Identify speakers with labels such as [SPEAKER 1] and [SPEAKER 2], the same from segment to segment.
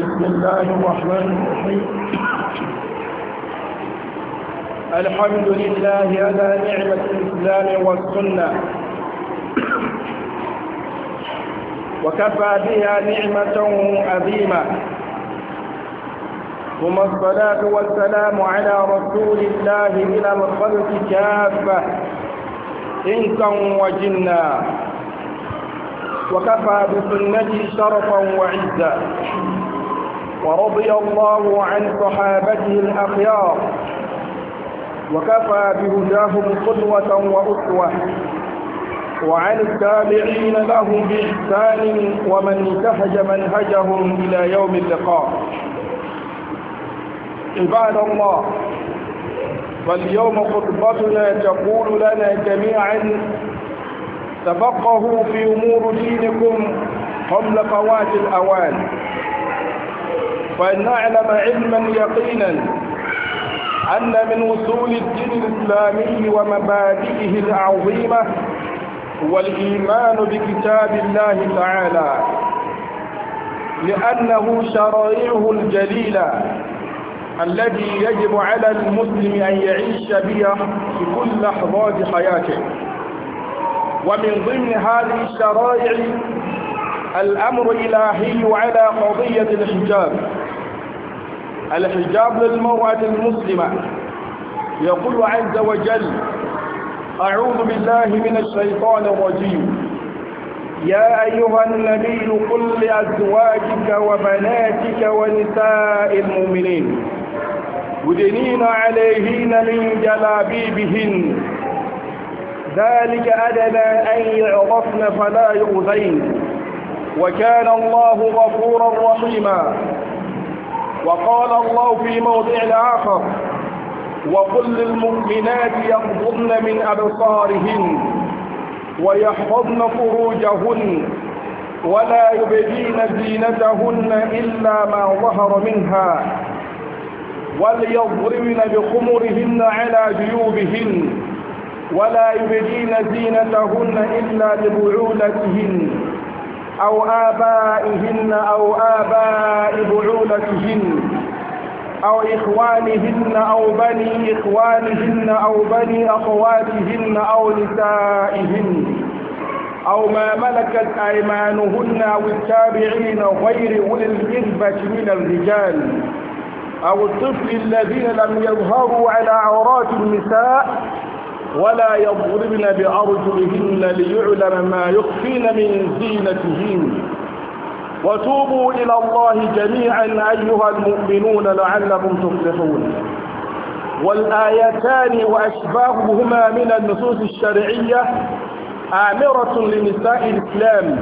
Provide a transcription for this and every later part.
[SPEAKER 1] بسم الله الرحمن الرحيم الحمد لله على نعمة الإسلام والسنة وكفى بها نعمة عظيمة ثم الصلاة والسلام على رسول الله من الخلق كافة إنسا وجنا وكفى بسنته شرفا وعزا ورضي الله عن صحابته الأخيار وكفى بهداهم قدوة وأسوة وعن التابعين لهم بإحسان ومن انتهج منهجهم إلى يوم اللقاء عباد الله فاليوم خطبتنا تقول لنا جميعا تفقهوا في أمور دينكم قبل فوات الأوان فلنعلم علما يقينا أن من وصول الدين الإسلامي ومبادئه العظيمة هو الايمان بكتاب الله تعالى لأنه شرائعه الجليلة الذي يجب على المسلم أن يعيش بها في كل لحظات حياته ومن ضمن هذه الشرائع الأمر الإلهي على قضية الحجاب الحجاب للمرأة المسلمة يقول عز وجل أعوذ بالله من الشيطان الرجيم يا أيها النبي قل لأزواجك وبناتك ونساء المؤمنين ودنين عليهن من جلابيبهن ذلك أدنى أن يعرفن فلا يؤذين وكان الله غفورا رحيما وقال الله في موضع آخر وقل للمؤمنات يقضن من أبصارهن ويحفظن فروجهن ولا يبدين زينتهن إلا ما ظهر منها وليضربن بخمرهن على جيوبهن ولا يبدين زينتهن إلا لبعولتهن أو آبائهن أو آباء بعولتهن أو إخوانهن أو بني إخوانهن أو بني أخواتهن أو نسائهن أو ما ملكت أيمانهن أو التابعين غير أولي الإربة من الرجال أو الطفل الذين لم يظهروا على عورات النساء ولا يضربن بأرجلهن ليعلم ما يخفين من زينتهن وتوبوا إلى الله جميعا أيها المؤمنون لعلكم تفلحون والآيتان وأشباههما من النصوص الشرعية آمرة لنساء الإسلام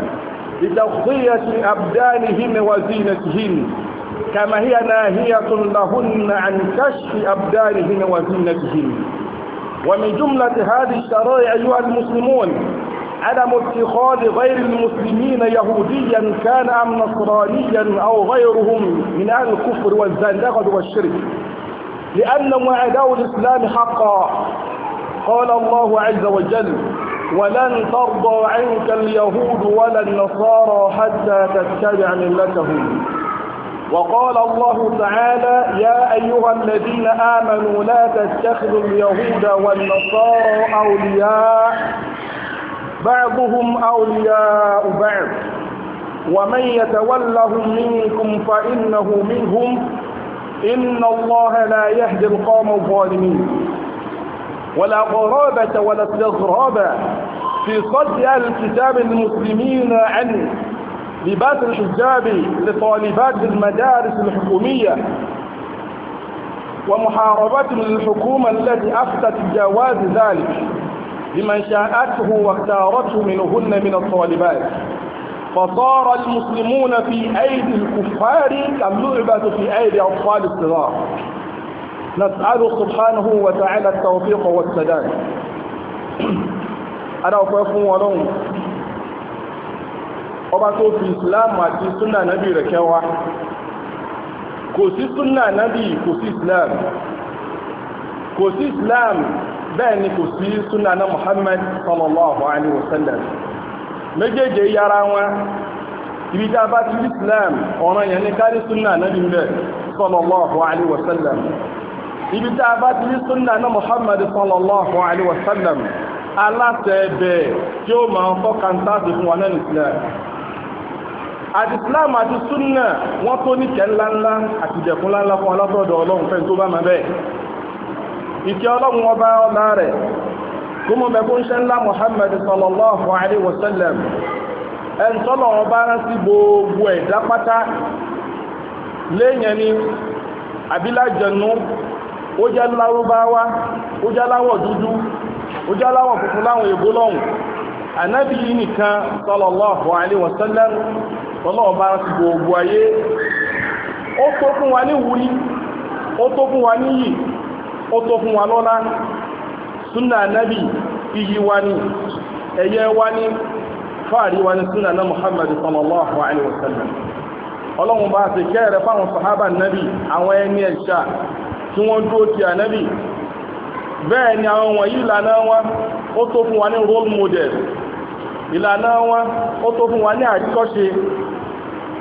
[SPEAKER 1] لتغطية أبدانهن وزينتهن كما هي ناهية لهن عن كشف أبدانهن وزينتهن ومن جملة هذه الشرائع أيها المسلمون عدم اتخاذ غير المسلمين يهوديا كان أم نصرانيا أو غيرهم من أهل الكفر والزندقة والشرك لأنهم أعداء الإسلام حقا قال الله عز وجل ولن ترضى عنك اليهود ولا النصارى حتى تتبع ملتهم وقال الله تعالى يا أيها الذين آمنوا لا تتخذوا اليهود والنصارى أولياء بعضهم أولياء بعض ومن يتولهم منكم فإنه منهم إن الله لا يهدي القوم الظالمين ولا غرابة ولا استغراب في صد الكتاب المسلمين عنه لباس الحجاب لطالبات المدارس الحكومية ومحاربة للحكومة التي أفتت جواز ذلك لمن شاءته واختارته منهن من الطالبات فصار المسلمون في أيدي الكفار كاللعبة في أيدي أطفال الصغار نسأل سبحانه وتعالى التوفيق والسداد أنا أفهم ولون ọba tó fi islamu àti súnà nábì rẹ̀ kẹwa kò sí súnà nábì kò sí islam kò sí islam bẹ́ẹ̀ ni kò sí súnà náà muhammad sallallahu alaihi wasallam méjèèjì yára wọn ibi tá bá ti islam ọ̀ràn yẹn ní kárí súnà nábì mbẹ̀ sallallahu alaihi wasallam ibi tá bá ti súnà náà muhammad sallallahu alaihi wasallam aláṣẹ ẹbẹ̀ tí ó máa ń fọ́kàntá sí fún wa náà islam àti islam àti súnà wọ́n tó ní kẹ́ ńláńlá àti ìdẹ̀kùn ńláńlá fún alábọ̀dọ̀ ọlọ́run fẹ́ tó bá máa bẹ́ẹ̀ ìkẹ́ ọlọ́run ọba ọlá rẹ̀ kúmọ mẹ́kún ṣe ńlá Muhammad sallallahu alaihi wasallam ẹn tọ́lọ̀ ọba rán sí gbogbo ẹ̀dá pátá léèyàn ni àbílájẹ̀nú ó jẹ́ lárúbáwá ó jẹ́ láwọ̀ dúdú ó jẹ́ láwọ̀ funfun láwọn ègbó lọ́hùn nìkan sallallahu alaihi wasallam lọ́lọ́wọ́ bá ń fi gbogbo ayé ó tó fún wa ní wúrí ó tó fún wa níyì ó tó fún wa lọ́lá súnà wa wa wa súnà náà muhammadu sallallahu alaihi wasallam ọlọ́run bá ti kẹ́rẹ̀ model ìlànà wọn ó tó fún wa ní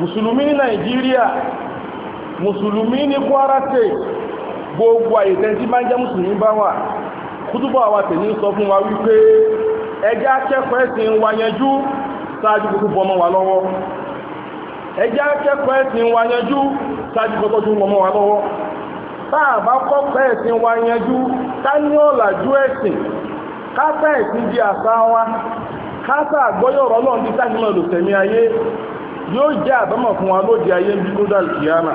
[SPEAKER 1] musulumi ní nàìjíríà musulumi ní kwara state gbogbo àyètẹ́ tí bá ń jẹ́ musulmi bá wà sọ fún wa wípé ẹjẹ́ akẹ́kọ̀ọ́ ẹ̀sìn ń yanjú ṣáájú kókó bọmọ wa lọ́wọ́ ẹjẹ́ wa lọ́wọ́ wa ọ̀làjú ẹ̀sìn ẹ̀sìn di yóò jẹ́ àbámọ̀ fún wa lóde ayé bí ló dàl kìyàmà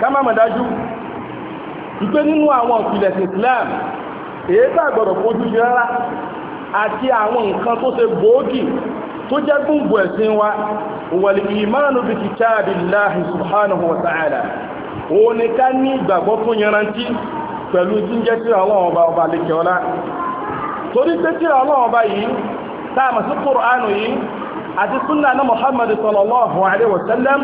[SPEAKER 1] ká má mọ̀dájú ìpé nínú àwọn ìpìlẹ̀ Islam èyí tá gbọ́dọ̀ fojú yẹ rárá àti àwọn nǹkan tó ṣe gbòógì tó jẹ́ gbùngbò ẹ̀sìn wa wal imanu bi kitabillahi subhanahu wa ta'ala òun ni ká ní ìgbàgbọ́ fún yanrantí pẹ̀lú tí ń jẹ́ tí àwọn ọba ọba lè kẹ́ ọlá torí pé tí àwọn ọba yìí táàmà sí Kùránù yìí àti súnà náà Muhammad sallallahu alaihi wasallam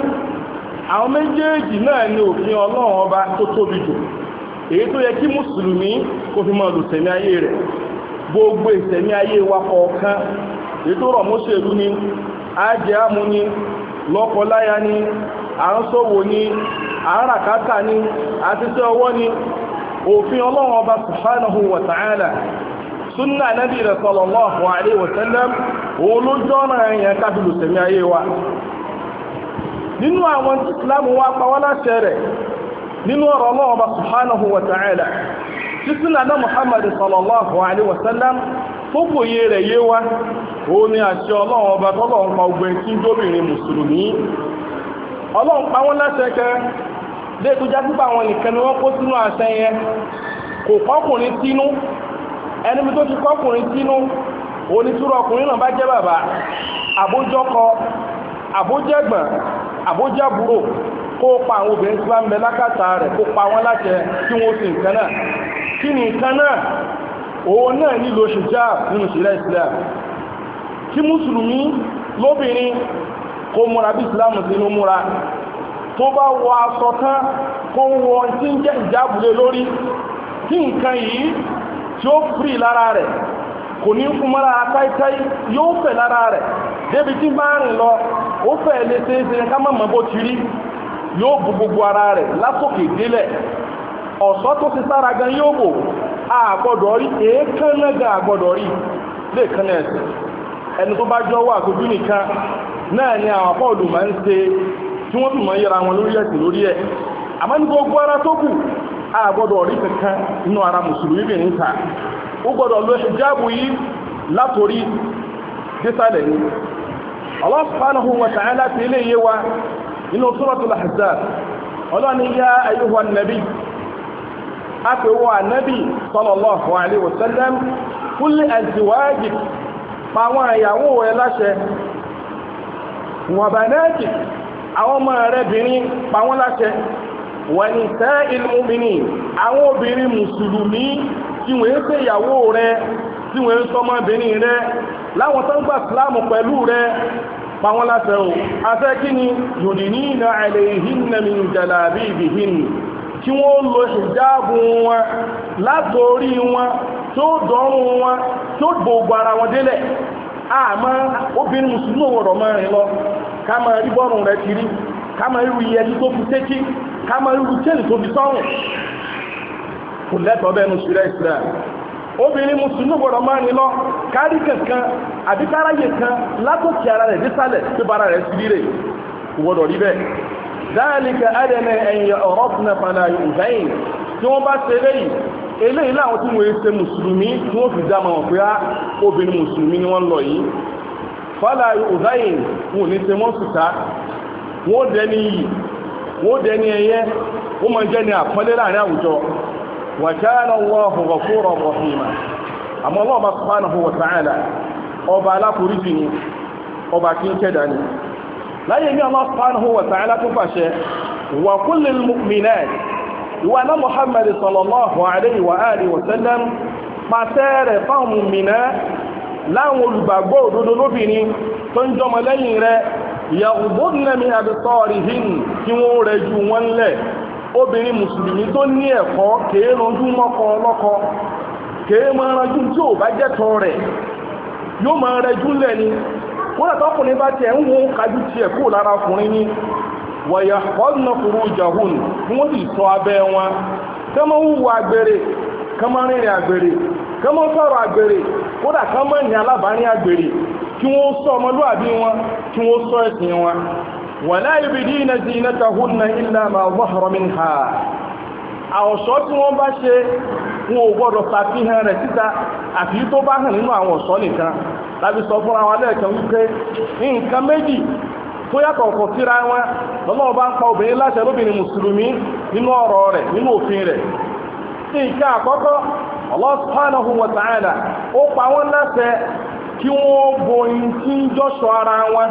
[SPEAKER 1] àwọn méjèèjì náà ni òfin ọlọ́run ọba tó tóbi jù èyí tó yẹ kí mùsùlùmí kò fi máa lò tẹ̀mí ayé rẹ̀ gbogbo ìtẹ̀mí ayé wa kọ̀ọ̀kan èyí tó rọ̀ mọ́ṣèlú ni ajẹ́ ni lọ́kọláya ni à ń ṣòwò ni à ń ràkátà ni àti tẹ́ ọwọ́ ni òfin ọlọ́run ọba subhanahu wa ta'ala súnà rẹ̀ sallallahu alaihi wasallam òun ló jọ́ ọ̀nà ẹ̀yẹn kábílù sẹ̀mí ayé wa nínú àwọn ìsìláàmù wa pa wọ́n láṣẹ rẹ̀ nínú ọ̀rọ̀ ọlọ́run ọba subhanahu wa ta'ala títí nàdá muhammad sallallahu alaihi wa sallam rẹ̀ yé wa àṣẹ pa ogun pa wọ́n láṣẹ kẹ tó àwọn nìkan ni wọ́n kó sínú àṣẹ yẹn kò kọkùnrin sínú ẹni tó ti kọkùnrin onítúrọ ọkùnrin náà bá jẹ́ bàbá àbójọ́kọ àbójẹ́gbọ̀n àbójábúrò kó pa àwọn obìnrin tí wọ́n ń bẹ lákàtà rẹ̀ kó pa wọ́n láṣẹ kí wọ́n sì nǹkan náà kí ni nǹkan náà òun náà nílò ṣùjáàb nínú ìṣẹ̀lẹ̀ islam kí mùsùlùmí lóbìnrin kó múra bí islam sí inú múra tó bá wọ aṣọ tán kó wọ tí ń jẹ́ ìjábùlé lórí kí nǹkan yìí tí ó fìrí lára rẹ̀ kò ní fún mara táítáí yóò fẹ̀ lára rẹ̀ débi tí bá ń lọ ó fẹ́ lè ṣeéṣe ká má mọ́ bó ti rí yóò bu gbogbo ara rẹ̀ lásòkè délẹ̀ ọ̀ṣọ́ tó ti sára gan yóò bò àgbọ̀dọ̀ rí gan àgbọ̀dọ̀ rí lè ẹni tó bá jọ wà nìkan náà ni àwọn máa ń ṣe tí wọ́n fi mọ́ yẹra wọn lórí ẹ̀sìn lórí ẹ̀ àmọ́ ní gbogbo ara tó kù àgbọ̀dọ̀ rí kankan inú ara mùsùlùmí bìnrin ta ó gbọ́dọ̀ lo hijabu yìí látorí dísàlẹ̀ ni Allah subhanahu wa ta'ala ti ilé yé wa nínú suratul Ahzab ọlọ́ni yá ayyuhan nabi a pè wọ́n ànábì sallallahu alaihi wasallam qul li azwajik pa àwọn ìyàwó rẹ̀ láṣẹ wa banatik àwọn ọmọ obìnrin mùsùlùmí tí wọ́n ń ìyàwó rẹ tí wọ́n ń sọmọbìnrin rẹ láwọn tó ń gbà síláàmù pẹ̀lú rẹ pàwọn lásẹ̀rùn afẹ́ kí ni yudnina alayhinna min jalabibihin kí wọ́n lo wọn látorí wọn tó dọ́rùn wọn tó gbogbo ara wọn délẹ̀ àmọ́ obìnrin mùsùlùmí òwòrọ̀ máa lọ ká máa rẹ̀ kiri ká máa iye tó fi tó kò lẹ́tọ̀ọ́ bẹ́ẹ̀ nu ṣùgbọ́n Islam obìnrin mùsùlùmí gbọ́dọ̀ máa ní lọ kárí kankan àbí káráyè kan látòkè ara rẹ̀ dísàlẹ̀ tó bára rẹ̀ sí rírè gbọ́dọ̀ rí bẹ́ẹ̀ dáàlìkà adẹ́nà ẹ̀yìn ọ̀rọ̀ fúnà fàlà ìhùdáyìn tí wọ́n bá ṣe eléyìí eléyìí láwọn tí wọ́n ṣe mùsùlùmí tí wọ́n fi dáma wọn pé á ah, obìnrin mùsùlùmí ni wọ́n lọ yìí fàlà ìhùdáyìn wọn ní ṣe wọ́n sùta wọ́n dẹni yìí wọ́n dẹni ẹyẹ wọ́n máa jẹ́ ni àpọ́nlé láàrin àwùjọ wa kana Allahu ghafuran rahima àmọ́ Allah subhanahu wa ta'ala ọba aláforíjì ni ọba kí ń kẹ́dà ni láyé ní Allah subhanahu wa ta'ala tún pàṣẹ wa kullil mu'minat ìwà náà Muhammad sallallahu alayhi wa alihi wa sallam pàṣẹ rẹ̀ fáwọn mìnà láwọn olùgbàgbọ́ òdodo lóbìnrin tó ń jọmọ lẹ́yìn rẹ̀ yàgbódúnlẹ́mí àbẹ̀tọ́ọ̀rì hìn kí wọ́n rẹ̀ ju wọn lẹ̀ obìnrin mùsùlùmí tó ní ẹ̀kọ́ kèé ranjú mọ́kọ ọlọ́kọ kèé mọ́ ranjú tí ò bá jẹ́tọ̀ rẹ̀ yóò mọ́ rẹjú lẹ̀ ni wọ́n lẹ́tọ́ bá tiẹ̀ ń wo kájú ti ẹ̀kọ́ lára ọkùnrin ni wọ̀yà ọ̀nà jahun wọ́n sì sọ abẹ́ wọn kí wọ́n sọ ọmọlúwàbí wọn ولا يبدين زينتهن إلا ما ظهر منها àwọ̀ṣọ́ tí wọ́n bá ṣe wọn ò gbọ́dọ̀ ṣàfihàn rẹ̀ síta àfi tó bá hàn nínú àwọn ọ̀ṣọ́ nìkan láti sọ fún àwọn alẹ́ẹ̀kan wípé nǹkan méjì tó yàtọ̀ ọ̀kọ̀ síra wọn lọ́lọ́wọ́ bá ń pa obìnrin láṣẹ lóbìnrin mùsùlùmí nínú ọ̀rọ̀ rẹ̀ nínú òfin rẹ̀ nǹkan àkọ́kọ́ Allah subhanahu ó pa wọ́n láṣẹ kí wọ́n bo ohun tí ń jọ́ṣọ ara wọn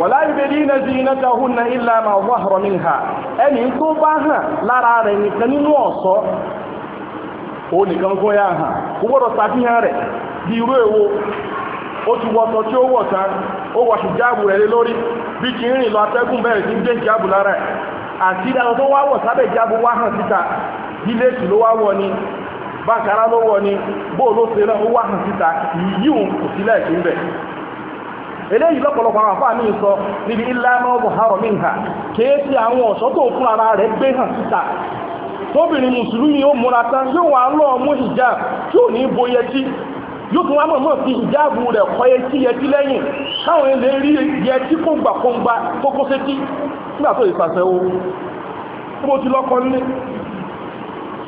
[SPEAKER 1] wala yubdina zinatahunna illa ma zahara minha ẹni tó bá hàn lára rẹ̀ nìkan nínú ọ̀ṣọ́ ó nìkan kó yá hàn kó gbọ́dọ̀ ṣàfihàn rẹ̀ bí irú èwo ó ti wọ́sọ tí ó wọ̀ ó wọ ṣùjáàbù rẹ̀ lé lórí bí kì í rìn lọ atẹ́gùn sí jẹ́ lára ẹ̀ àti tó wá wọ̀ sábẹ̀ wá hàn síta ló wá ni ló ni ṣe náà ó wá hàn síta ìyíùn kò sílẹ̀ eléyìí lọ́pọ̀lọpọ̀ àwọn àfáà míì sọ níbi ìlànà ọgbọ̀n harọ̀ míì hà kéèsì àwọn ọ̀ṣọ́ tó fún ara rẹ̀ gbé hàn síta tóbìnrin mùsùlùmí ó múra tán yóò wá lọ mú hijab tí ò ní bo yẹtí yóò tún wá mọ̀ mọ̀ fi hijab rẹ̀ kọ́ yẹtí yẹtí lẹ́yìn káwọn ilé rí yẹtí kóngbà kóngbà kókó sétí nígbà tó ìfàṣẹ o tí mo ti lọ́kọ́ nílé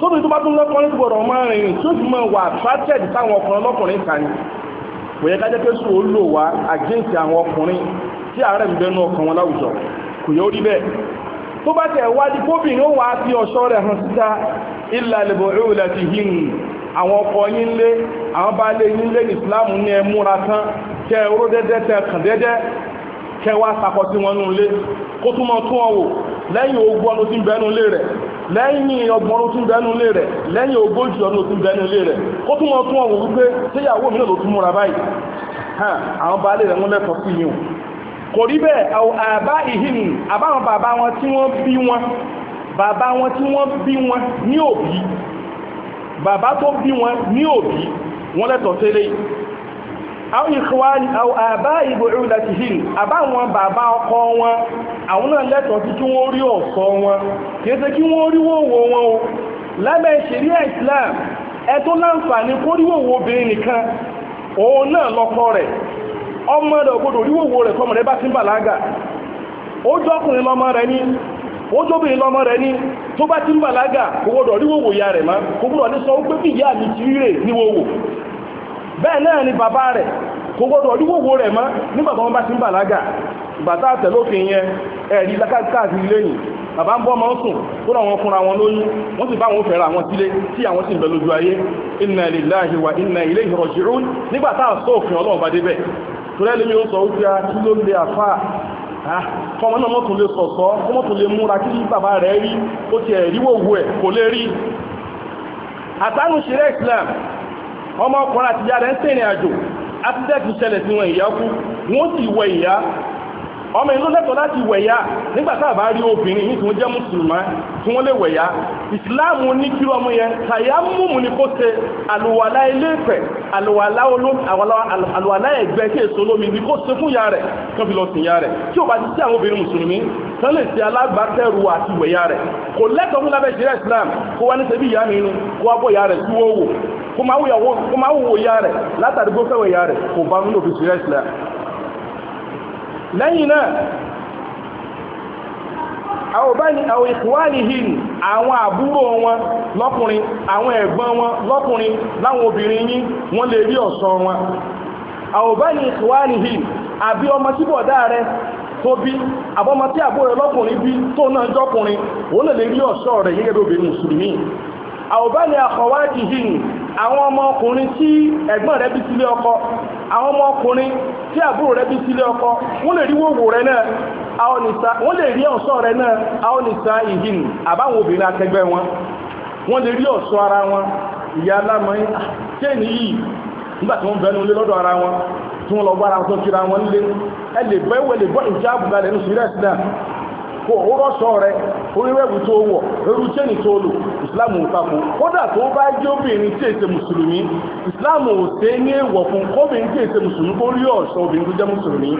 [SPEAKER 1] tóbi tó bá tún lọ́kọ́ nígbọ̀rọ̀ máa rìnrìn tó fi mọ̀ wà attracted táwọn ọkùnrin lọ́kùnrin kà kò yẹ ká jẹ́ pé sùn ó lò wá àgéǹtì àwọn ọkùnrin tí ààrẹ ń bẹnu ọkàn wọn láwùjọ kò yẹ ó rí bẹ́ẹ̀ tó bá tẹ̀ wá di kóbìnrin ó wà á fi ọ̀ṣọ́ rẹ̀ hàn síta ilà lèbọ̀ ìrùlẹ̀ ti hìn àwọn ọkọ yín lé àwọn bá lé yín lé ní ní ẹ múra tán kẹ oró dẹ́dẹ́ tẹ kàn dẹ́dẹ́ kẹ wá sakọ sí wọn nù lé kó túmọ̀ tún ọ wò lẹ́yìn ogun ọdún tí ń bẹnu lé rẹ̀ lẹ́yìn ọgbọ̀n ọdún bẹnu lé rẹ̀ lẹ́yìn ogójì ọdún tún bẹnu lé rẹ̀ ó tún wọn tún ọ̀wọ̀ wípé síyàwó mi náà ló tún múra báyìí àwọn baálé rẹ̀ wọ́n lẹ́tọ̀ọ́ sí yìí kò rí bẹ́ẹ̀ àbá ìhìn àbáwọn bàbá wọn tí wọ́n bí wọn bàbá wọn tí wọ́n bí wọn ní òbí bàbá tó bí àwọn ìkọwàní àbá ìgbòrò láti hìl àbáwọn bàbá ọkọ wọn àwọn náà lẹ́tọ̀ọ́ sí kí wọ́n rí ọ̀ṣọ́ wọn kìí ṣe kí wọ́n rí wòwò wọn o lábẹ́ ìṣẹ̀ríà Islam ẹ̀tọ́ láǹfààní kó rí obìnrin nìkan òun náà lọ́kọ rẹ̀ ọmọ rẹ̀ ògbòdò rí wòwò rẹ̀ bẹ́ẹ̀ náà ni bàbá rẹ̀ kò gbọdọ̀ oríwòwò rẹ̀ mọ́ nígbàtà wọn bá ti ń bàlágà ìgbàtà àtẹ̀lófin yẹn ẹ̀rí lákàtàkì lẹ́yìn bàbá ń bọ́ ọmọ sùn tó rọ̀ wọn fúnra wọn lóyún wọ́n sì bá wọn fẹ́ra àwọn sílé tí àwọn sì ń bẹ lójú ayé inna lillahi wa inna ilayhi raji'un nígbàtà àṣọ òfin ọlọ́run bá débẹ̀ torẹ́ lómi ó sọ wípé kí ló lè àfà kọmọ náà mọ́tún lè sọ̀sọ́ mọ́tún lè múra kí bàbá rẹ̀ rí ó ti ẹ̀ríwòwò ẹ̀ kò lè rí àtánù ṣeré Islam ọmọkùnrin àti ìyá rẹ̀ ń sẹ́rìn àjò átìdẹ́kì ṣẹlẹ̀ sí wọn ìyá kú wọ́n sì wẹ ìyá ọmọ ìlú lẹ́tọ̀ láti wẹ̀yà nígbàtà bá rí obìnrin ní tí wọ́n jẹ́ mùsùlùmá tí wọ́n lè wẹ̀yà ìsìláàmù ní kí ọmọ yẹn tàyà múmù ní kó ṣe àlùwàlá ilé-ìfẹ̀ àlùwàlá ẹ̀gbẹ́ kí èso lómi ní kó ṣe fún ya rẹ̀ tó ya rẹ̀ tí ó bá ti sí àwọn obìnrin kó máa wùwò ya rẹ̀ látàrí bó fẹ́wẹ̀ ya rẹ̀ kò lẹ́yìn náà àwọn báyìí àwọn ìkùwáàlì hìn àwọn àbúrò wọn lọ́kùnrin àwọn ẹ̀gbọ́n wọn lọ́kùnrin láwọn obìnrin wọ́n lè rí ọ̀ṣọ́ wọn àwọn àbí ọmọ tí bọ̀dá tó bí àbọ́mọ tí àbúrò lọ́kùnrin bí tó náà jọ́kùnrin wọ́n lè rí rẹ̀ gẹ́gẹ́ àwọn ọmọkùnrin tí ẹ̀gbọ́n rẹ̀ bí sílé ọkọ àwọn ọmọkùnrin tí àbúrò rẹ̀ bí sílé ọkọ wọ́n lè rí wòwò rẹ̀ náà àwọn nìsa wọ́n lè rí ọ̀ṣọ́ rẹ̀ náà àwọn nìsa ìhìn àbáwọn obìnrin akẹgbẹ́ wọn wọ́n lè rí ọ̀ṣọ́ ara wọn ìyá alámọ́yí ah, kéènì yìí nígbà tí wọ́n bẹnu lé lọ́dọ̀ ara wọn tí wọ́n lọ gbára wọn tó kíra wọn lé ẹ lè bọ́ ìwẹ̀ lè bọ́ ìjáàbù kò òwúrọ̀ sọ rẹ oríwẹ̀wù tó wọ̀ ẹrú chain tó lò islam ò tako kódà tó bá jẹ́ obìnrin tí èsè mùsùlùmí islam ò sé ní èèwọ̀ fún kóbìnrin tí èsè mùsùlùmí kó rí ọ̀ṣọ́ obìnrin tó jẹ́ mùsùlùmí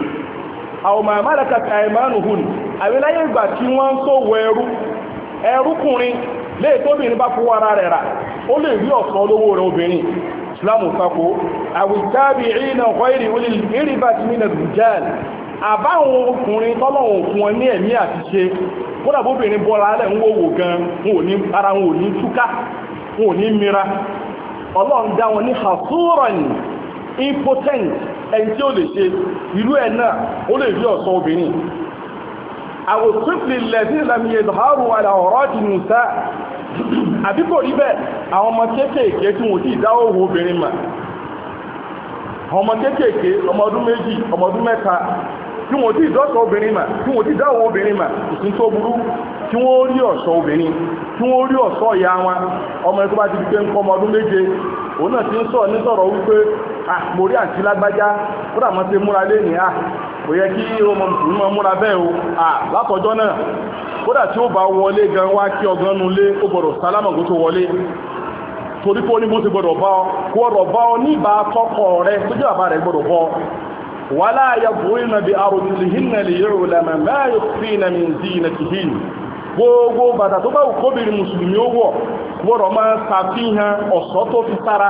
[SPEAKER 1] àwọn màmá rẹ̀ kàkà ìmánu hùn àwíláyé ìgbà tí wọ́n ń tó wọ ẹrú ẹrúkùnrin lè tóbìnrin bá fún àbáwọn ọkùnrin tọ́lọ̀wọ̀n fún ọ ní ẹ̀mí àti ṣe kódàbóbìnrin bọ́ra alẹ́ ń wòwò gan ara wọn ò ní túká wọn ò ní mira ọlọ́run dá wọn ní hasuran impotent ẹni tí ó lè ṣe ìlú ẹ̀ náà ó lè rí ọ̀sán obìnrin àwòsífìlì lẹ́sí ìlàmìyàn ìdọ̀hárù àdàwọ̀rọ̀ ìdìnnùsá àbí kò rí bẹ́ẹ̀ àwọn ọmọ kéékèèké tí wọ́n ti dá òwò obìnrin mà àwọn ọmọ kéékèèké ọmọ ọdún méjì ọmọ ọdún mẹ́ta tí wọ́n ti dọ́sọ̀ obìnrin mà tí wọ́n ti dáwọ̀ obìnrin mà tuntun tó burú tí wọ́n rí ọ̀ṣọ́ obìnrin tí wọ́n rí ọ̀ṣọ́ ìyá wọn ọmọ ẹni tó bá ti di ọdún méje òun náà ti ń sọ̀rọ̀ nítorọ̀ wípé ah ti múra lé ní kò yẹ kí ọmọ ah látọjọ́ náà tí ó bá wọlé gan wá kí ọgán nu lé ó gbọdọ̀ tó wọlé torí ọ kó ọ̀rọ̀ ọ ní ìbá tọkọ ولا يضربن بأرجلهن ليعلم ما يخفين من زينتهن gbogbo bàtà tó bá òkóbìnrin mùsùlùmí ó wọ̀ gbọ́dọ̀ máa ṣàfihàn ọ̀ṣọ́ tó fi sára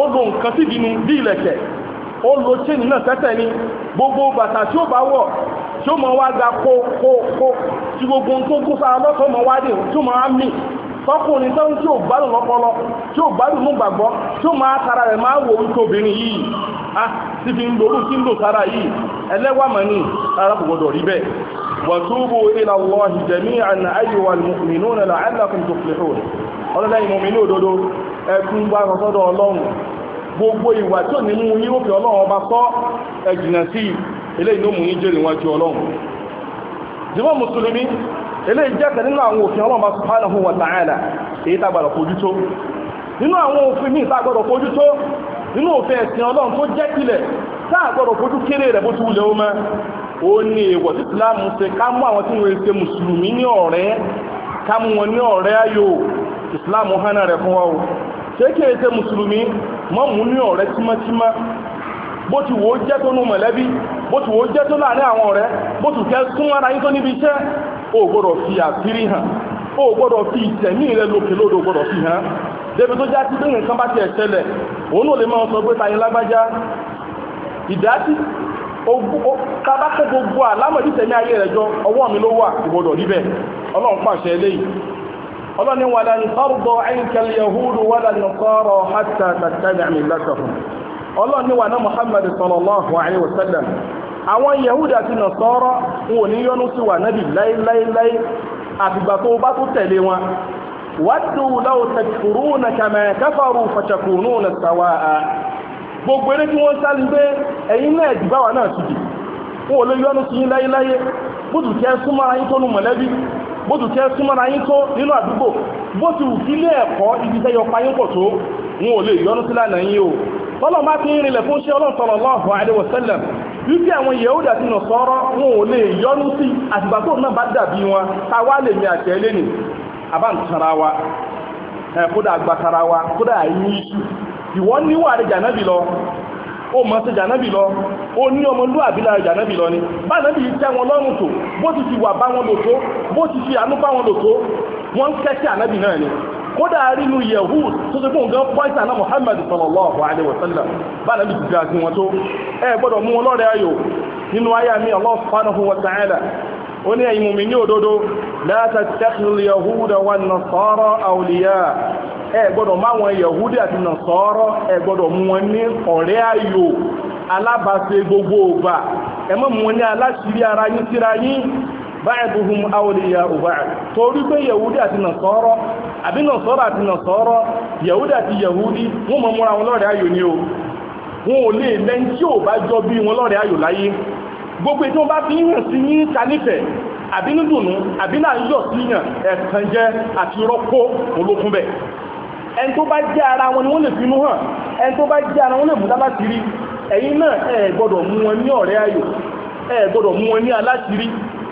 [SPEAKER 1] ó lo nǹkan síbi ni bí ìlẹ̀kẹ̀ ó lo chain náà tẹ́tẹ̀ ni gbogbo bàtà tí ó bá wọ̀ tí ó máa wá ga kó kó kó tí gbogbo nǹkan kó sára lọ́tọ̀ máa wá dé tí ó máa mì tọkùnrin tó ń tí ò gbádùn lọ́pọlọ tí ò gbádùn mú gbàgbọ́ tí ó máa tara rẹ̀ máa wò wípé obìnrin yìí a ti fi ń lòrú tí ń lò sára yìí ẹlẹ́wàmọ̀ ní ara rí bẹ́ẹ̀ watubu ila Allahi jami'an ayyuhal mu'minuna la'allakum tuflihun ọlọ́lẹ́yìn mọ̀mìnú eléyìí jẹ́ kan nínú àwọn òfin Ọlọ́run subhanahu wa ta'ala èyí tá gbọ́dọ̀ nínú àwọn òfin míì tá gbọ́dọ̀ nínú òfin ẹ̀sìn Ọlọ́run tó jẹ́ kílẹ̀ tá fojú kéré rẹ̀ bó O wulẹ̀ ó ní àwọn tí wọ́n ṣe mùsùlùmí ní ọ̀rẹ́ wọn ní ọ̀rẹ́ ayò Ìsìlámù hánà rẹ̀ fún o kí ẹ ṣe mùsùlùmí mọ́ mú ní ọ̀rẹ́ bó ti wò ó jẹ́ tó nú o gbọ́dọ̀ fi àfírí hàn o gbọ́dọ̀ fi ìtẹ̀mí rẹ lókè lódò gbọ́dọ̀ fi hàn débi tó já sí pé nǹkan bá ti ẹ̀ṣẹ̀lẹ̀ òun náà lè máa sọ pé tayé lágbájá ìdásí tabakẹ́ gbogbo àlámọ̀dí tẹ̀mí ayé rẹ̀ jọ ọwọ́ mi ló wà níbẹ̀ ọlọ́run pàṣẹ eléyìí ọlọ́ni wà yahudu wà àmì ọlọ́ni wà àwọn yahudi àti nàṣọ́rọ́ wọn ò ní yọ́nú sí wà nábì láíláíláí àtìgbà tó bá tó tẹ̀lé wọn wàdù láwù tẹ̀kùrú na kàmẹ́ káfàrú fàṣàkùnú na sàwà á gbogbo eré tí wọ́n sáré pé ẹ̀yin náà jù báwa náà sùdì wọn ò lè yọ́nú sí láíláí bótù kẹ́ súnmọ́ra yín tó nu mọ̀lẹ́bí bótù kẹ́ súnmọ́ra yín tó nínú àdúgbò bótù ilé ẹ̀kọ́ ibi tẹ́yọ payín pọ̀ tó wọn ò lè yọ́nú sí lánàá yín o tọ́lọ́ bá ti ń rinlẹ̀ fún ṣé ọlọ́run sallallahu alaihi wasallam wípé àwọn Yẹhudi àti Nasara wọn ò lè yọnu sí àtìgbà tó náà bá dàbí wọn táwa lè mi àtẹ́ lẹ́nì àbáǹtara wa kódà àgbàtara wa kódà àyíní iṣu ìwọ níwà rẹ̀ jànábì lọ ó mọ̀ sí jànábì lọ ó ní ọmọlúwàbí lára jànábì lọ ni bá tẹ́ wọn lọ́rùn tó bó ti fi wà bá wọn lò tó bó ti fi àánú bá wọn lò tó wọ́n ń kẹ́kẹ́ ànábì náà ni kódà rínú yahud tó ti fún ǹkan pọ́ìsà náà muhammadu sallallahu alaihi wasallam bá nàbí ti gbà sí wọn tó ẹ gbọ́dọ̀ mú wọn lọ́rẹ̀ ayò nínú ayá mi allah subhanahu wa ta'ala ó ní ẹ̀yin mùmí ní òdodo la tattakhidhul yahuda wan nasara awliya ẹ gbọ́dọ̀ alábàáṣe gbogbo ògbà ẹ má ní aláṣìírí ara yín síra yín báyìbùhùn awòlìyà òbáà torí pé yahudi àti nàṣọ́rọ́ àbí nàṣọ́rọ́ àti nàṣọ́rọ́ yahudi àti yahudi wọ́n mọ̀ múra wọn lọ́rẹ̀ ayò ní o wọn ò lè lẹ́n tí ò bá jọ bí wọn lọ́rẹ̀ ayò láyé gbogbo tí wọ́n bá fi hàn sí yín kanífẹ̀ àbí nídùnnú àbí náà yọ̀ sí yàn ẹ̀sàn jẹ́ àti rọ́pò olókun bẹ̀ ẹni mú wọn ní ọ̀rẹ́ ayò ẹ mú wọn ní aláṣìírí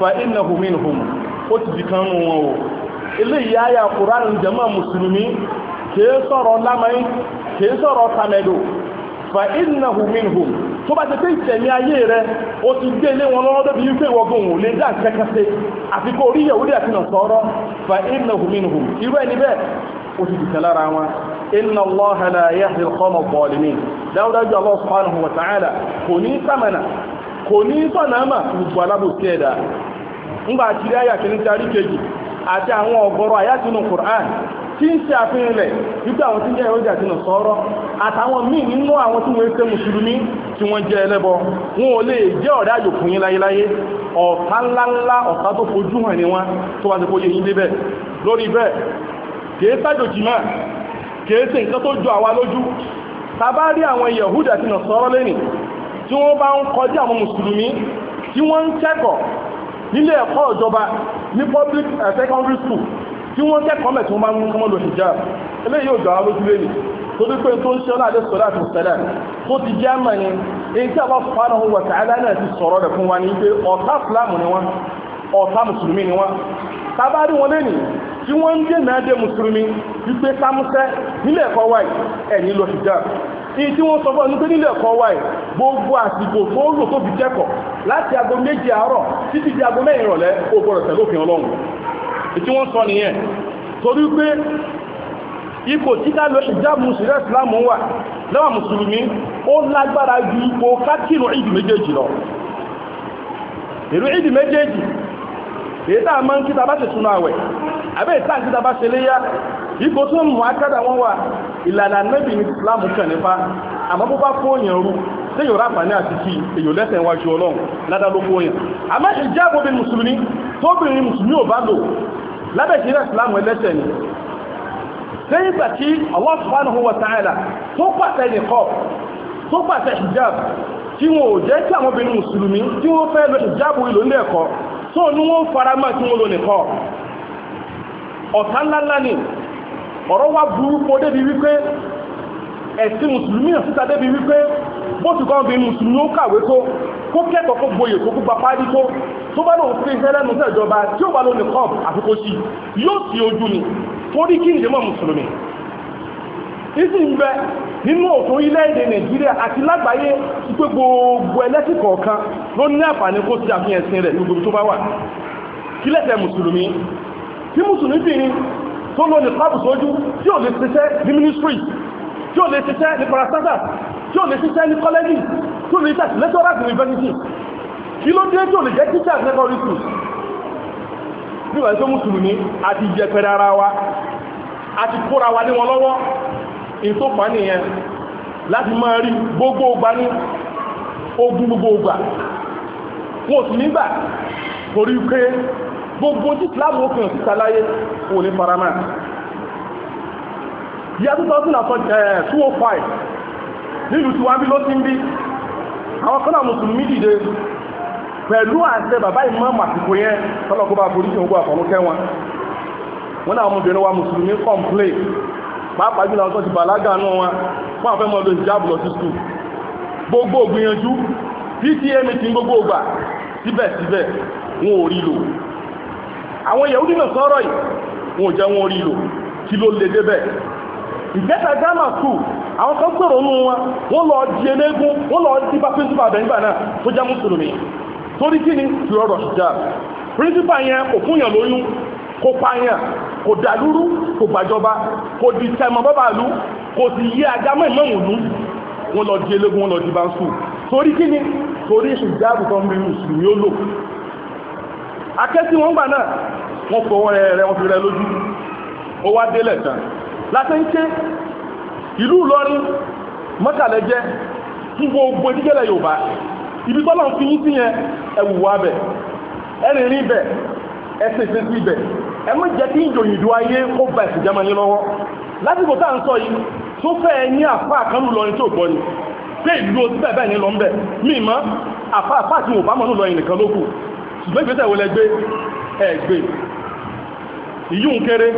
[SPEAKER 1] fa innahu minhum ó ti di kan nù wọn o ilé ìyá ayà kùránì jàmá mùsùlùmí kìí sọ̀rọ̀ lámáyí kìí sọ̀rọ̀ tàmẹ̀dò fa innahu minhum tó bá ti pé ìtẹ̀mí ayé o ti gbé ilé wọn lọ́wọ́ débi wípé ìwọ̀gùn ò lè dá kẹ́kẹ́sẹ́ àfi kó orí yẹ̀wò àti nà sọ̀rọ̀ fa innahu minhum irú ẹni bẹ́ẹ̀ o ti dìtẹ̀ lára wọn inna Allaha la yahdi al-qawma adh-dhalimin dáúdájú Allah subhanahu wa ta'ala kò ní kò ní sọ̀nàmà gbogbo alábòsí ẹ̀dá ńgbà àti rí àyàkí ní tarí kejì àti àwọn ọ̀gọ̀rọ̀ àyàtínú Qur'an tí ń ṣe àfihàn rẹ̀ wípé àwọn tí ń jẹ́ ìrọ́jà àtinú sọ́rọ́ àtàwọn míì nínú àwọn tí wọ́n ṣe mùsùlùmí tí wọ́n jẹ́ ẹlẹ́bọ wọn ò lè jẹ́ ọ̀rẹ́ àjò fún yín láyéláyé ọ̀tá ńláńlá ọ̀tá tó fojú hàn ní wọn tó wá sí kó yín débẹ̀ lórí bẹ́ẹ̀ kìí sájòjì máa kìí sí nǹkan tó jọ àwa lójú tá bá rí àwọn Yahudi àti lẹ́nìí tí wọ́n bá ń kọjá àwọn mùsùlùmí tí wọ́n ń kẹ́kọ̀ọ́ nílé ẹ̀kọ́ ìjọba ní public eh, secondary school tí wọ́n kẹ́kọ̀ọ́ mẹ́ tí wọ́n bá ń kọ́mọ́ lò hijab eléyìí ò dáwà lójú lẹ́nu tó dé pé tó ń ṣe ọlá àdéṣọ́ láti sẹ́lẹ̀ tó ti jẹ́ mọ̀ ni èyí tí Allah subhanahu wa ta'ala náà ti sọ̀rọ̀ rẹ̀ fún wa ní pé ọ̀tá Islam ni wọ́n ọ̀tá mùsùlùmí ni wọ́n tabari wọn lẹ́nu tí wọ́n ń dènà dé mùsùlùmí wípé sámúsẹ́ nílé ẹ̀kọ́ wáyé ẹ̀yìn lò hijab iye tí wọ́n sọ fún ẹnu pé nílẹ̀ ẹ̀kọ́ wa ẹ̀ gbogbo àsìkò tó lò tó fi kẹ́kọ̀ọ́ láti aago méje àárọ̀ títí di aago mẹ́rin ìrọ̀lẹ́ ó gbọ́dọ̀ tẹ̀lé òfin ọlọ́run tí wọ́n sọ nìyẹn torí pé ipò tí ká lọ ìjáàbù mùsùlùmí ìsìláàmù wà lọ́wọ́ mùsùlùmí ó lágbára ju ipò kákìrù ìdì méjèèjì lọ èrò ìdì méjèèjì èyí tá máa ń kí ipò tó mú akádà wọn wà ìlànà nẹ́bì ní islamu kàn nípa àmọ́ bó bá fóòyàn rú tí yóò rápa ní àti kí èyò lẹ́sẹ̀ wájú ọlọ́run ládá ló fóòyàn àmọ́ ìjáàbò bí mùsùlùmí tóbìnrin mùsùlùmí ò bá lò tí wa ta'ala tó pàṣẹ nìkọ́ tó pàṣẹ hijab tí wọn ò jẹ́ kí àwọn obìnrin mùsùlùmí tí wọ́n fẹ́ lọ hijab ìlò ní ẹ̀kọ́ tó ní wọ́n fara mọ́ tí wọ́n lò nìkọ́ ọ̀tá ńláńlá ni ọ̀rọ̀ wá burúkú débi wípé ẹ̀sìn mùsùlùmí ò síta débi wípé bó ti kọ́ bí mùsùlùmí ó kàwé tó kó kẹ́kọ̀ọ́ kó gboyè tó kó gba párí tó tó bá lóun fi iṣẹ́ lẹ́nu sẹ́jọba tí ó bá lóun nìkan àfikó sí yóò sì ojú ni torí kí n lè mọ̀ mùsùlùmí ìsì ń bẹ nínú òfin ilẹ̀-èdè nàìjíríà àti lágbàáyé pé gbogbo ẹlẹ́sìn kọ̀ọ̀kan ló ní àǹfààní kó ti àfihàn ẹ̀sìn rẹ̀ ní gbogbo tó bá tó lò ní pàbù sójú tí ò lè ṣiṣẹ́ ní ministry tí ò lè ṣiṣẹ́ ní parastata tí ò lè ṣiṣẹ́ ní kọ́lẹ́jì tí ò lè ṣiṣẹ́ lecturers university kí ló dé tí ò lè jẹ́ teachers secondary school nígbà tó mùsùlùmí àti jẹpẹrẹ ara wa àti kóra wa ní wọn lọ́wọ́ ìtòpá nìyẹn láti máa rí gbogbo ọgbà ní ogun gbogbo tí islam ó fihàn síta láyé kò ní faramá yíya 2005 nílùú tí wọ́n bí ló ti ń bí àwọn kọ́nà mùsùlùmí dìde pẹ̀lú àṣẹ bàbá ìmọ̀ àsìkò yẹn tọ́lọ́kọ́ bá borí tí ó gbà fọ́nú kẹwọn wọn náà ọmọbìnrin wa mùsùlùmí kọ́m̀plé pàápàá jùlọ àwọn tó ti bàlágà náà wọn fún àfẹ́ mọ́ lóṣìṣẹ́ àbùlọ sí skul gbogbo ògbìyànjú pta meeting gbogbo ògbà síbẹ̀síbẹ̀ wọn ò rí lò àwọn yahudi náà sọ́rọ̀ yìí wọn ò jẹ́ wọn rí lò kí ló lè débẹ̀ ìjẹta grammar school àwọn kan gbèrò nù wọn wọn lọ di eléégún wọn lọ di bá principal abẹ nígbà náà tó jẹ́ mùsùlùmí torí kí ni ti rọrọ̀ ṣùjá principal yẹn kò fún yàn lóyún kò pààyàn kò dàlúrú kò gbàjọba kò di tẹmọ bọ́bà lú kò sì yí ajá mọ́ ìmọ̀wùn lú wọn lọ di eléégún wọn lọ di bá ń school torí kí ni torí ṣùjá àbùkọ́ mi mùsùlùmí ó lò akẹ́sí wọn gbà náà wọ́n fọwọ́ rẹ̀ wọ́n fi rẹ lójú ó wá délẹ̀ tán láti ń ké ìlú Ìlọrin mọ́kàlẹ́jẹ́ fún gbogbo ìdíjẹ́lẹ̀ Yorùbá ibi tọ́lọ̀ fi yí sí yẹn ẹ̀wùwà bẹ̀ ẹ̀rìnrìn bẹ̀ ẹ̀sìn sí sí bẹ̀ ẹ má jẹ́ kí ìjòyìndó ayé ó gba ẹ̀sìn jẹ́ mọ́ni lọ́wọ́ lásìkò tá à ń sọ yìí tó fẹ́ ní àfáà kan lù lọrin tó gbọ́ ni pé ìlú o ti bẹ́ẹ̀ bẹ́ẹ̀ ní lọ ń bẹ̀ mímọ́ àfáà àfáà ṣùgbọ́n ìgbésẹ̀ wo lẹ gbé ẹ̀gbẹ́ ìyún kéré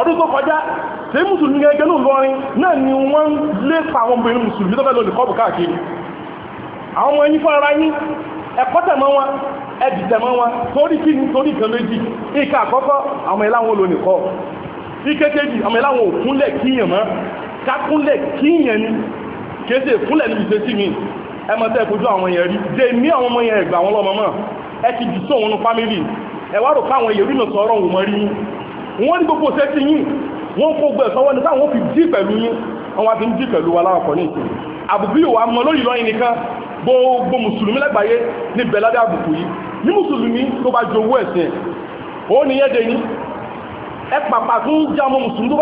[SPEAKER 1] ọdún tó kọjá tí mùsùlùmí gẹ́gẹ́ ló lọrin náà ni wọ́n lé pa àwọn obìnrin mùsùlùmí tó fẹ́ lónìí kọ́bù káàkiri àwọn ọmọ ẹni fún ara yín ẹ̀kọ́tẹ̀mọ́ wọn ẹ̀dìtẹ̀mọ́ wọn torí kí ni torí ìkan méjì ìka àkọ́kọ́ àwọn ẹláwọn ni kéde mi ẹmọ tẹ́ fojú àwọn yẹn rí dé ẹ ti jù sóhun nù fámílì ẹ wá rò káwọn èyí rí lọ́sọ̀ ọ̀rọ̀ wọn rí wọ́n ní gbogbo ṣe ti yín wọ́n kó gbẹ̀ sọ́wọ́ ní táwọn fi dí pẹ̀lú yín wọ́n wá fi ń dí pẹ̀lú wa láwọ̀kọ̀ ní ìsìn àbùkù yìí wà mọ́ lórí lọ́yìn nìkan gbogbo mùsùlùmí lágbàáyé ní bẹ̀ládé àbùkù yìí ní mùsùlùmí tó bá jowó ẹ̀sìn ó ní yẹ́ dẹni ẹ pàpà tó ń já ọmọ mùsùlùmí tó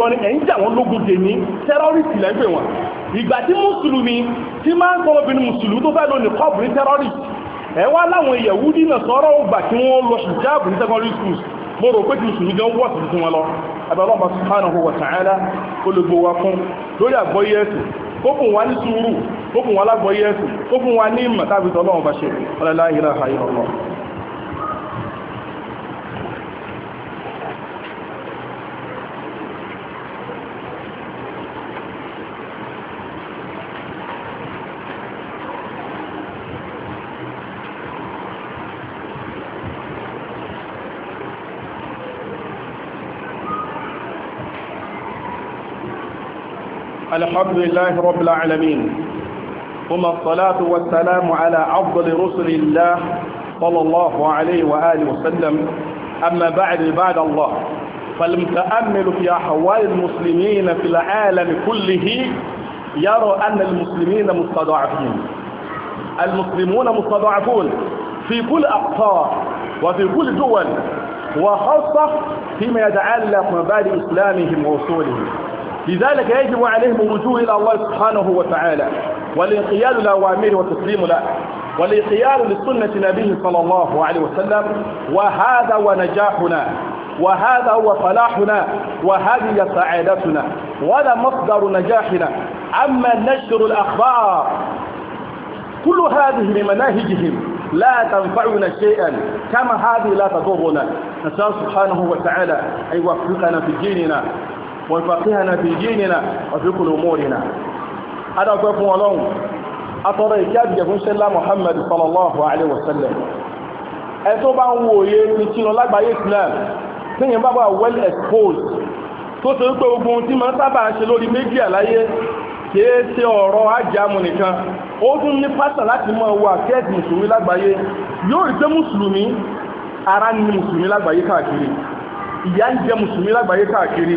[SPEAKER 1] bá ni ẹ̀ ń jà wọn lógun dèní tẹ́rọ́rìsì lẹ́gbẹ̀ẹ́ wọn ìgbà tí mùsùlùmí tí máa ń sọ obìnrin mùsùlùmí tó fẹ́ lónìí kọ́ọ̀bù ní ẹ wá láwọn Yẹhudi náà sọ́rọ̀ ògbà kí wọ́n lọ hijab ní secondary schools mo rò pé tí mùsùlùmí gan wọ́ sí fún wọn lọ abẹ́lọ́mọ subhanahu wa ta'ala olùgbò wa fún lórí àgbọ́yé ẹ̀sìn ó fún wa ní sùúrù ó fún wa lágbọ́yé ẹ̀sìn ó fún wa ní ìmọ̀ tábìtọ́lọ́wọ́n bá ṣe ọlọ́lá ìlà àyè الحمد لله رب العالمين ثم الصلاة والسلام على أفضل رسل الله صلى الله عليه وآله وسلم أما بعد بعد الله فالمتأمل في أحوال المسلمين في العالم كله يرى أن المسلمين مستضعفين المسلمون مستضعفون في كل أقطار وفي كل دول وخاصة فيما يتعلق مبادئ إسلامهم ورسولهم لذلك يجب عليهم الرجوع إلى الله سبحانه وتعالى والانقياد لأوامره والتسليم له والانقياد لسنة نبيه صلى الله عليه وسلم وهذا هو نجاحنا وهذا هو صلاحنا وهذه سعادتنا ولا مصدر نجاحنا أما نشر الأخبار كل هذه من مناهجهم لا تنفعنا شيئا كما هذه لا تضرنا نسأل سبحانه وتعالى أن يوفقنا في ديننا وفقهنا في ديننا وفي كل أمورنا هذا أقف ولون أترى كاد يكون سلا محمد صلى الله عليه وسلم ẹ̀tọ́ bá ń wo òye nìtìlọ lágbàáyé Islam tíyẹn bá bá well exposed tó tó pé ogun tí ma ń sábà ń ṣe lórí méjì àláyé kìí ṣe ọ̀rọ̀ ajámu nìkan ó tún ní pátà láti mọ́ wà kẹ́ẹ̀tì mùsùlùmí lágbàáyé yóò rí pé mùsùlùmí ara ní mùsùlùmí lágbàáyé káàkiri ìyà ń jẹ mùsùlùmí lágbàáyé káàkiri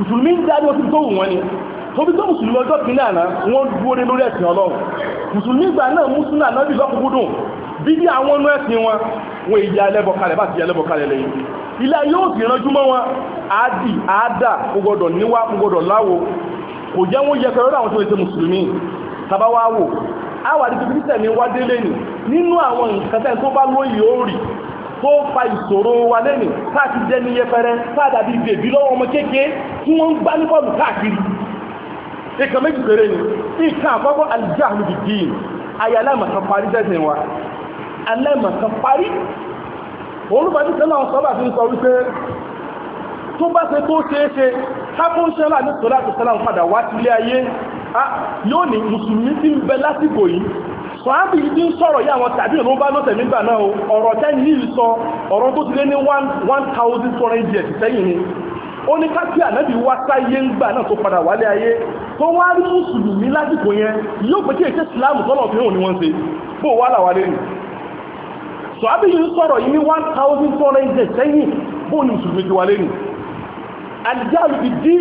[SPEAKER 1] mùsùlùmí ń darí oṣù tó wù wọ́n ni tóbi tó mùsùlùmí ọjọ́ kìíní àná wọ́n dúró lé lórí ẹ̀sìn ọlọ́run mùsùlùmí ìgbà náà mùsùlùmí àná bí lọ́kùnkúndùn bíbí àwọn ọmọ ẹ̀sìn wọn wọn ìyá ẹlẹ́bọ̀ kalẹ̀ bá ti yẹ ẹlẹ́bọ̀ kalẹ̀ lẹ́yìn ilé yóò sì ránjú mọ́ wọn àádì àádà gbogbo níwá gbogbo láwo kò jẹ́ wọ́n yẹ kẹrọ́rọ́ àwọn tó lè ṣe mùsùlùmí tàbáwá wò àwàdí tó fi sẹ̀mí wá délé nì nínú àwọn nǹkan tẹ́ tó bá lóyè ó rì tó ń fa ìṣòro wa lẹ́nu káàkì jẹ́ ní yẹpẹrẹ sáàdàbí bèbí lọ́wọ́ ọmọ kéèké tí wọ́n ń gbá ní bọ́ọ̀lù káàkiri ìkan méjì péré ni ìkan àkọ́kọ́ alìjáàlù dìdì ayé aláìmọ̀kan parí tẹ́sìn wa aláìmọ̀kan parí olùbàdí sẹ́lá ọ̀sọ́bà ti ń sọ wípé tó bá ṣe tó ṣe é ṣe hábùn sẹ́lá ní sọ́lá àti sẹ́lá padà wá sílé ayé ah, yóò ní mùsùlùmí ti ń bẹ lásìkò yìí sọ́ábì ní sọ̀rọ̀ yá àwọn tàbí ìlú bá lọ́tẹ̀ nígbà náà ọ̀rọ̀ tẹ́ ní ìsọ ọ̀rọ̀ tó ti lé ní 1,200 years sẹ́yìn ni ó ní kápí ànábì wá sáyé ńgbà náà tó padà wálé ayé tó wá rí mùsùlùmí lásìkò yẹn yóò pẹ̀kí èké síláàmù tọ́lọ̀ fi hàn ní wọ́n ṣe bó wà láwálé nì sọ́ábì yìí sọ̀rọ̀ yìí ní 1,200 years sẹ́yìn bó ní mùsùlùmí ti wálé nì àjálù ìdí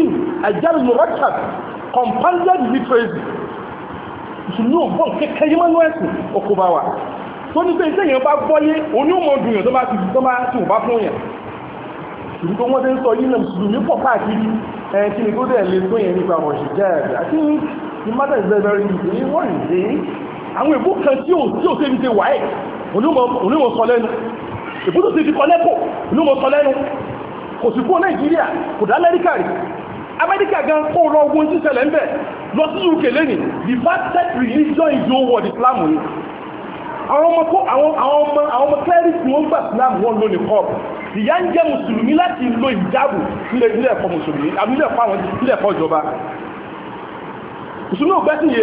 [SPEAKER 1] àjálù mọ̀rọ̀kà compounded literacy mùsùlùmí ò gbọ́ kẹ́kẹ́ yí mọ́nú ẹ̀sìn okó bá wà tó ní pé iṣẹ́ èèyàn bá gbọ́yé onímọ̀ dùnyàn tó bá ti tó bá tí ò bá fún yàn ìlú tó wọ́n ti ń sọ yí náà mùsùlùmí pọ̀ káàkiri ẹ̀yìn kí ni tó dẹ̀ lè tó yẹn nípa àwọn òṣìṣẹ́ ẹ̀rẹ̀ àti ní mátà ìṣẹ́ bẹ̀rẹ̀ ìdí wọ́n ìdí àwọn èbú kan tí ò tí ò ṣe ní ṣe wáyé onímọ̀ sọ lẹ́nu èbú tó ti fi kọ lẹ́pọ̀ onímọ̀ sọ lẹ́nu kò sì kú Nàìjíríà kò dá Amẹ́ríkà rí amẹ́ríkà gan kó lọ ogun tí ṣẹlẹ̀ ń bẹ̀ lọ sí uk lẹ́nì the vast religion is your word islam ni àwọn ọmọ kó àwọn ọmọ àwọn ọmọ cleric ni wọ́n gbà islam wọ́n ló ní kọ́ọ̀bù ìyá ń jẹ́ mùsùlùmí láti lo ìjáàbù nílẹ̀ ilé ẹ̀kọ́ mùsùlùmí àbí ilé ẹ̀kọ́ àwọn ilé ẹ̀kọ́ ìjọba mùsùlùmí ò gbẹ́sìnyé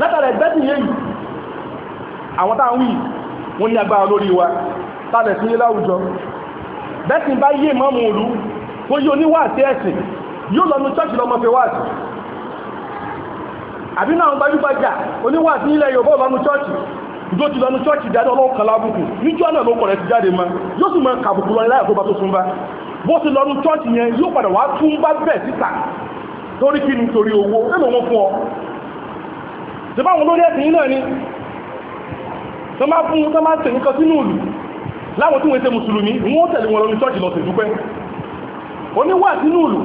[SPEAKER 1] látàrí ẹgbẹ́sìnyé yìí àwọn táwọn wí wọ́n ní agbára lórí wa tálẹ̀ sí ilé láwùjọ bẹ́sìn bá yé mọ́mù òlú kó yí oníwà àti ẹ̀sìn yóò lọ nu chọ́ọ̀chì lọ́mọ fẹ́ wáàsì àbí náà ń gbajúgbajà oníwàásí ilẹ̀ Yorùbá lọ nu chọ́ọ̀chì ìjọ ti lọ nu chọ́ọ̀chì dáadáa ọlọ́run kan lábùkù níjọ́ náà ló kọ̀rẹ́ ti jáde ma yóò sì mọ kàbùkù lọ níláyà tó bá tó tún bá bó ti lọ nu chọ́ọ̀chì yẹn yóò padà wá tún bá bẹ̀ síta torí kí ni torí owó ẹ̀mọ̀ wọn fún ọ ṣùgbọ́n láwọn tí wọ́n ṣe mùsùlùmí wọ́n tẹ̀lé wọn lọ nu chọ́ọ̀chì lọ sí ìdúpẹ́ oníwà sínú ìlú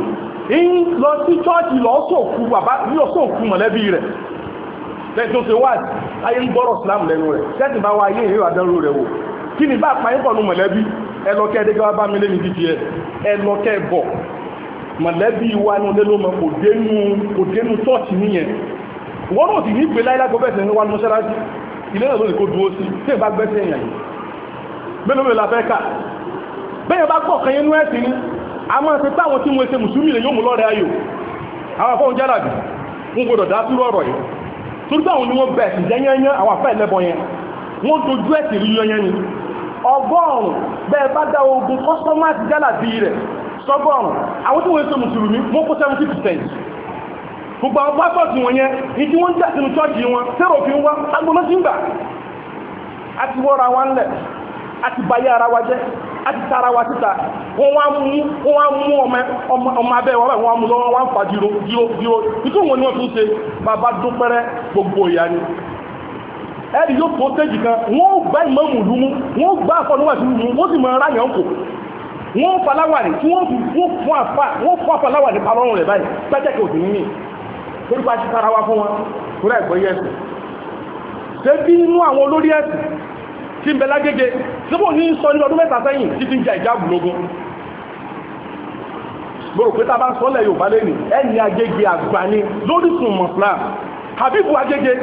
[SPEAKER 1] ń lọ sí chọ́ọ̀tì lọ sóòkú bàbá ní ọ̀sóòkú mọ̀lẹ́bí rẹ̀ lẹ́yìn tó ṣe wá ayé ń gbọ́rọ̀ sílámù lẹ́nu rẹ̀ sẹ́tì bá wá ayé ìrìn àdánrò rẹ̀ wò kí ni bá pàyín pọ̀ nù mọ̀lẹ́bí ẹlọ́kẹ́ ẹdẹ́gbẹ́ bá mi lẹ́nu títí ẹ ẹlọ́kẹ́ bọ̀ mọ̀lẹ́bí wa ní olé ló mọ̀ kò dénú tọ́ọ̀tì níyẹn wọ́n náà sì ní ìgbé láìlágbó bẹ́sẹ̀ ní wà ní mọ́ṣáláṣí ilé náà lónìí kó dúró sí tí ìbá gbẹ́sẹ̀ èèyàn yìí mélòó mélòó la fẹ́ kà bẹ́ẹ̀ bá gbọ́ kan yẹn nú ẹ̀sìn a máa ṣe táwọn tí wọ́n ṣe mùsùlùmí lè yóò mú lọ́rẹ̀ ayò àwọn afọ́ jálàbì wọ́n gbọdọ̀ dá sí ọ̀rọ̀ yìí torí táwọn ni wọ́n bẹ̀ sí yẹ́nyẹ́nyẹ́ àwọn afẹ́ ẹlẹ́bọ yẹn wọ́n dojú ẹ̀sì rí yẹnyẹ́ ni ọgọ́rùn-ún bẹ́ẹ̀ bá dá ogun kọ́sọ́mọ́ àti jálàbì rẹ̀ sọ́gọ́rùn-ún àwọn tí wọ́n ṣe mùsùlùmí wọ́n kó 70 percent gbogbo àwọn pásọ̀tì wọn yẹn ní tí wọ́n ń jàsínú àti tara wa síta wọ́n wá mú wọ́n wá mú ọmọ abẹ́ wọ́n wá mú lọ́wọ́ wọ́n fà dìrò dìrò dìrò nítorí wọn ni wọ́n tún ṣe bàbá dúpẹ́rẹ́ gbogbo ìyá ni ẹ̀rì yóò tó tẹ́jì kan wọ́n gbá ìmọ̀mù lúmú wọ́n gbá àfọ́núwàsí lúmú wọ́n sì mọ̀ ara yàn kò wọ́n faláwà ní tí wọ́n fún àfà wọ́n fún àfàláwà ní palọ́rùn rẹ̀ báyìí pẹ́tẹ́kẹ̀ òdì nínú torípa ti tara wa fún wọn kúrẹ́ ẹ̀gbọ́ yẹ́sì ṣe bí inú àwọn olórí ẹ̀sìn tí ń bẹ lágége tí mò ní sọ ní ọdún mẹ́ta sẹ́yìn tí ti ń ja ìjáàbù lógún mo rò pé tá a bá sọ lẹ̀ Yorùbá lẹ́nu ẹni agége àgbà ni lórísun mọ̀sán Habibu agége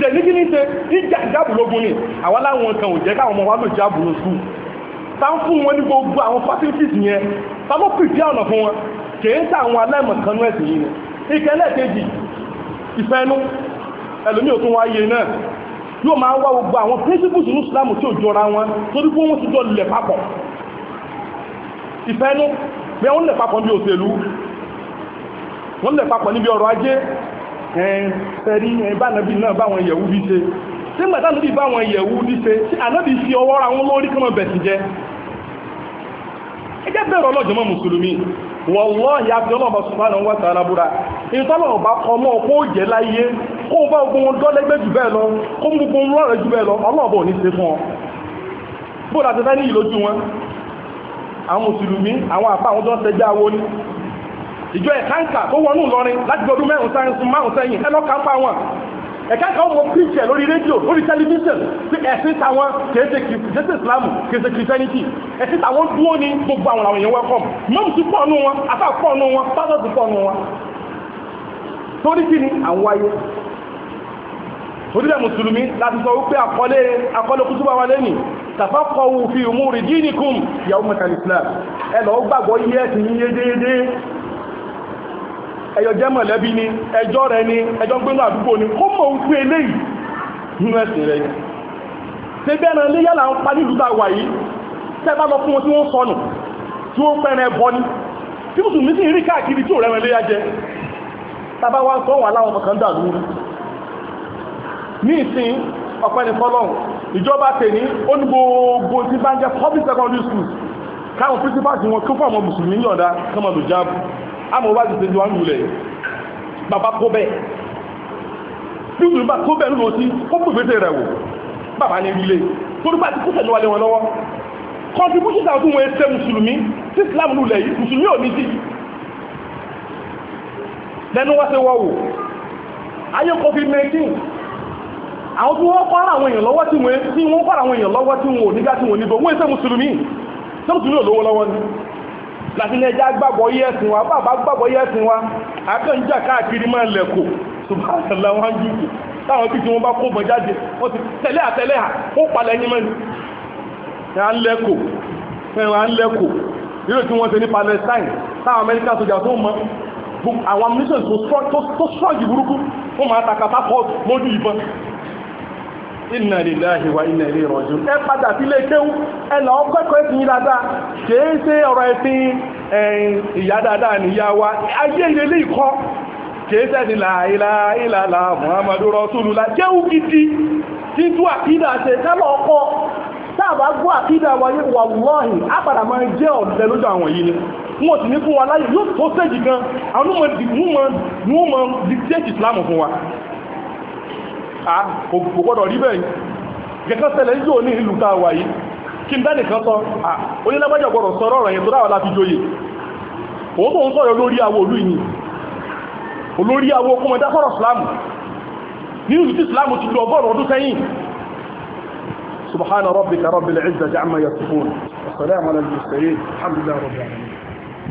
[SPEAKER 1] jẹ̀lígí ní ṣe ìjà ìjáàbù lógún ni àwọn láwọn kan ò jẹ́ káwọn ọmọ wa lò jáàbù lọ sùn ta ń fún wọn ní gbogbo àwọn facilities yẹn ta ló pìtì ọ̀nà fún wọn kìí ń tàwọn aláìmọ̀kanú ẹ̀sìn yìí ni yóò máa wá gbogbo àwọn principles inú islam tí ò jọra wọn torí pé wọ́n ti jọ lẹ̀ papọ̀ ìfẹ́nu pé wọ́n lẹ̀ papọ̀ níbi òṣèlú wọ́n lẹ̀ papọ̀ níbi ọrọ̀ ajé ẹ̀ẹ́rí ẹ̀bánàbí náà báwọn yẹ̀wú bí ṣe tí mẹ́tàlùbí báwọn yẹ̀wú bí ṣe tí ànábì fi ọwọ́ ra wọn lórí kọ́mọ̀ bẹ̀sì jẹ́ ẹjẹ́ bẹ̀rọ ọlọ́jọ́mọ́ mùsùlùmí wọ́lọ́ ìyá fi ọlọ́ọ̀bọ̀ sùpánà wọ́n tààrà búra ìtọ́lọ̀ ọ̀bá kọmọ́ ọkọ́ òjẹ́ láyé kó bá ogun wọn dọ́lẹ́gbẹ́ jù bẹ́ẹ̀ lọ kó mú ogun lọ́rẹ̀ jù bẹ́ẹ̀ lọ ọlọ́ọ̀bọ̀ ní ṣe fún ọ bó láti fẹ́ ní ìlójú wọn àwọn mùsùlùmí àwọn àpá àwọn tó ń tẹjá owó ní ìjọ ẹ̀káǹkà tó wọnú lọrin láti gbọdún mẹ́rùn sáyẹnsì márùn sẹ́yìn ẹlọ́ka pa wọn ẹ̀káǹkà ọmọ kírísẹ̀ lórí rédíò lórí tẹlifíṣàn tí ẹ̀sìn táwọn kèése kìrìsẹ̀ islamu kèése kìrìsẹ́nìtì ẹ̀sìn táwọn dúó ní gbogbo àwọn àwọn èèyàn wẹ́kọ̀m mọ́mùsù pọ̀ nù wọn afá pọ̀ nù wọn pásọ̀tù pọ̀ nù wọn torí kí ni àwọn ayé orílẹ̀ mùsùlùmí láti sọ wípé àkọlé kútúbà wa lẹ́nì tàfàkọ̀wù fi umuri dinikum yàwó mẹ́tàlì islam ẹlọ gbàgbọ́ yí ẹ̀sìn yíyé déédé ẹyọ jẹ́ mọ̀lẹ́bí ni ẹjọ́ rẹ ni ẹjọ́ gbénú àdúgbò ni kó mọ̀ wípé eléyìí nínú ẹ̀sìn rẹ ṣe bí ẹran lé yálà ń pa nílùú tàwà yìí tẹ́ bá lọ fún wọn tí wọ́n sọnù tí wọ́n pẹ́rẹ ẹbọ ni ní ìsìn ọ̀pẹ́ ní fọ́lọ́hùn ìjọba tèní ó ní gbogbo tí bá ń jẹ́ public secondary school káwọn principals wọn kí fún àwọn mùsùlùmí yọ̀ǹda kọ́mọ lò jáàbù àmọ́ wájú ti di wọn lulẹ̀ bàbá kó bẹ́ẹ̀ bí mùsùlùmí bá kó bẹ́ẹ̀ lò sí kó pèfèsè rẹ̀ wò bàbá ní ilé torí bá ti kó tẹ̀lé wálé wọn lọ́wọ́ contribution tàbí wọn ẹsẹ̀ mùsùlùmí tí Islam lulẹ̀ yìí mùsùlùmí ò ní sí lẹ́nu wá sí wọ́wọ́ ayé covid-19 àwọn tí wọ́n kọ́ra àwọn èèyàn lọ́wọ́ tí wọ́n tí wọ́n kọ́ra àwọn èèyàn lọ́wọ́ tí wọ́n ò nígbà tí wọ́n níbò wọ́n èsẹ́ mùsùlùmí tó mùsùlùmí olówó lọ́wọ́ ni láti ní ẹjá gbàgbọ́ yé ẹ̀sìn wa bàbá gbàgbọ́ yé ẹ̀sìn wa akẹ́ǹjà káàkiri máa lẹ̀kọ̀ subhanallah wọn jù táwọn bí tí wọ́n bá kó bọ̀ jáde wọ́n ti tẹ̀lé àtẹ̀lé à ó palẹ̀ yín mẹ́nu ẹ̀ à ń lẹ́kọ̀ ẹ̀rọ à ń lẹ́kọ̀ nínú tí wọ́n ṣe ní Palestine táwọn Amẹ́ríkà sójà tó mọ àwọn ammunition tó strong burúkú wọ́n máa takàtà pọ̀ lójú ìbọn inna lillahi wa inna ilayhi raji'un ẹ padà sílé kéwú ẹ lọ kẹ́kọ̀ọ́ ẹ̀sìn yìí dáadáa kìí ṣe ọ̀rọ̀ ẹ̀sìn ìyá dáadáa nìyá wa ayé ilé ìkọ́ kìí ṣẹ́sìn láìláìlàlá muhammadu rasulullah kéwú gidi tí tú àkídà ṣe kálọ̀ ọkọ̀ táàbà gbọ́ àkídà wáyé wàlúwàhì àpàdà máa jẹ́ ọ̀dẹ lójú àwọn yìí ni wọ́n ti ní fún wa láyé yóò tó séjì gan àwọn ọmọ dìkú mọ́ dìkú Islam fún wa kò gbọ́dọ̀ rí bẹ́ẹ̀ gẹ̀kan ṣẹlẹ̀ ń jò ní ìlú ta wà yìí kí n dánìkan sọ onílágbájá gbọ́dọ̀ sọ ọ̀rọ̀ yẹn tó dáwà láti joyè òun tó ń sọ̀rọ̀ olórí awo olú ìní olórí awo kọmọdá sọ̀rọ̀ islamu nínú ìtí islamu ti lọ ọgọ́rùn ọdún sẹ́yìn subhana rabbika rabbil izzati amma yasifun wa salamun alal mursalin alhamdulillahi rabbil alamin